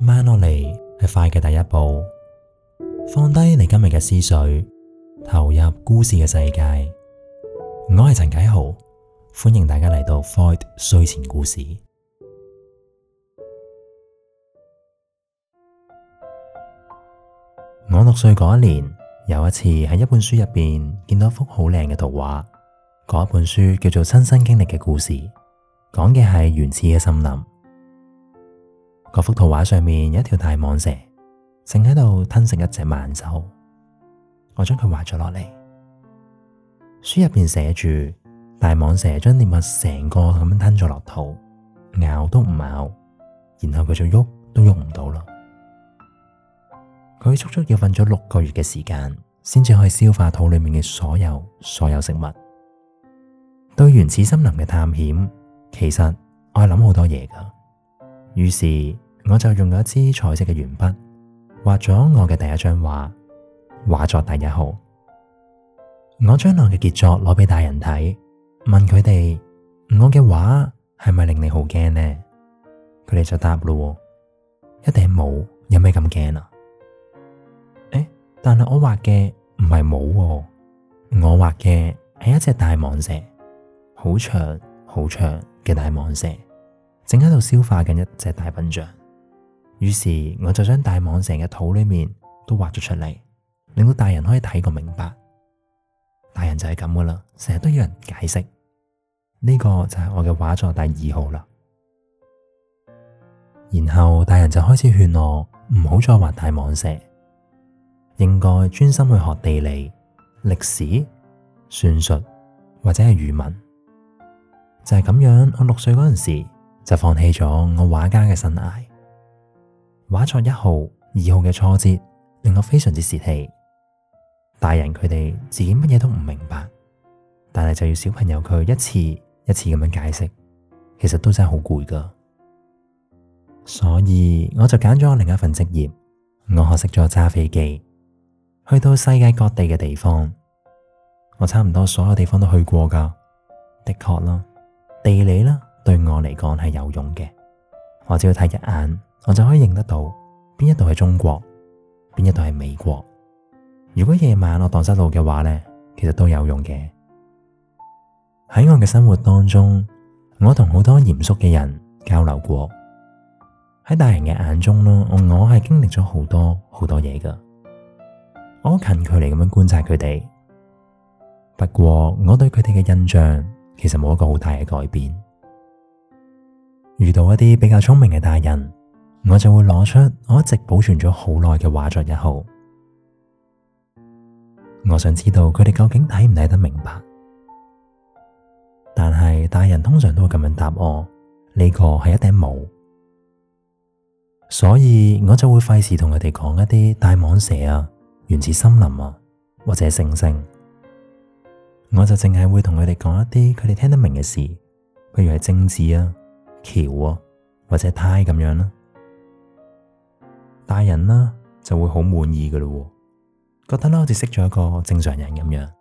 慢落嚟，係快嘅第一步，放低你今日嘅思緒，投入故事嘅世界。我係陳棨豪，歡迎大家嚟到 Void 睡前故事。我六歲嗰一年，有一次喺一本書入邊見到一幅好靚嘅圖畫，嗰本書叫做《親身經歷嘅故事》，講嘅係原始嘅森林。嗰幅圖畫上面有一條大蟒蛇，正喺度吞食一隻猛獸。我將佢畫咗落嚟。書入邊寫住，大蟒蛇將獵物成個咁樣吞咗落肚，咬都唔咬，然後佢就喐都喐唔到啦。佢足足要瞓咗六個月嘅時間，先至可以消化肚裏面嘅所有所有食物。對原始森林嘅探險，其實我係諗好多嘢噶。於是我就用咗一支彩色嘅鉛筆畫咗我嘅第一張畫，畫作第一號。我將我嘅傑作攞俾大人睇，問佢哋、欸啊：我嘅畫係咪令你好驚呢？佢哋就答咯，一頂帽有咩咁驚啊？誒，但係我畫嘅唔係帽，我畫嘅係一隻大蟒蛇，好長好長嘅大蟒蛇。正喺度消化緊一隻大笨象，於是我就將大蟒蛇嘅肚裏面都畫咗出嚟，令到大人可以睇個明白。大人就係咁噶啦，成日都有人解釋呢、這個就係我嘅畫作第二號啦。然後大人就開始勸我唔好再畫大蟒蛇，應該專心去學地理、歷史、算術或者係語文。就係、是、咁樣，我六歲嗰陣時。就放棄咗我畫家嘅生涯，畫作一號、二號嘅挫折令我非常之洩氣。大人佢哋自己乜嘢都唔明白，但係就要小朋友佢一次一次咁樣解釋，其實都真係好攰噶。所以我就揀咗另一份職業，我學識咗揸飛機，去到世界各地嘅地方，我差唔多所有地方都去過噶。的確啦，地理啦，對我嚟講係有用嘅，我只要睇一眼，我就可以認得到邊一度係中國，邊一度係美國。如果夜晚我蕩失路嘅話咧，其實都有用嘅。喺我嘅生活當中，我同好多嚴肅嘅人交流過。喺大人嘅眼中咧，我我係經歷咗好多好多嘢㗎。我好近距離咁樣觀察佢哋，不過我對佢哋嘅印象其實冇一個好大嘅改變。遇到一啲比較聰明嘅大人，我就會攞出我一直保存咗好耐嘅畫作一號。日後我想知道佢哋究竟睇唔睇得明白，但係大人通常都會咁樣答我：呢個係一頂帽。所以我就會費事同佢哋講一啲大蟒蛇啊、原始森林啊或者星星。我就淨係會同佢哋講一啲佢哋聽得明嘅事，譬如係政治啊。橋啊，或者胎咁樣啦，大人啦、啊、就會好滿意㗎喇喎、啊，覺得啦好似識咗一個正常人咁樣。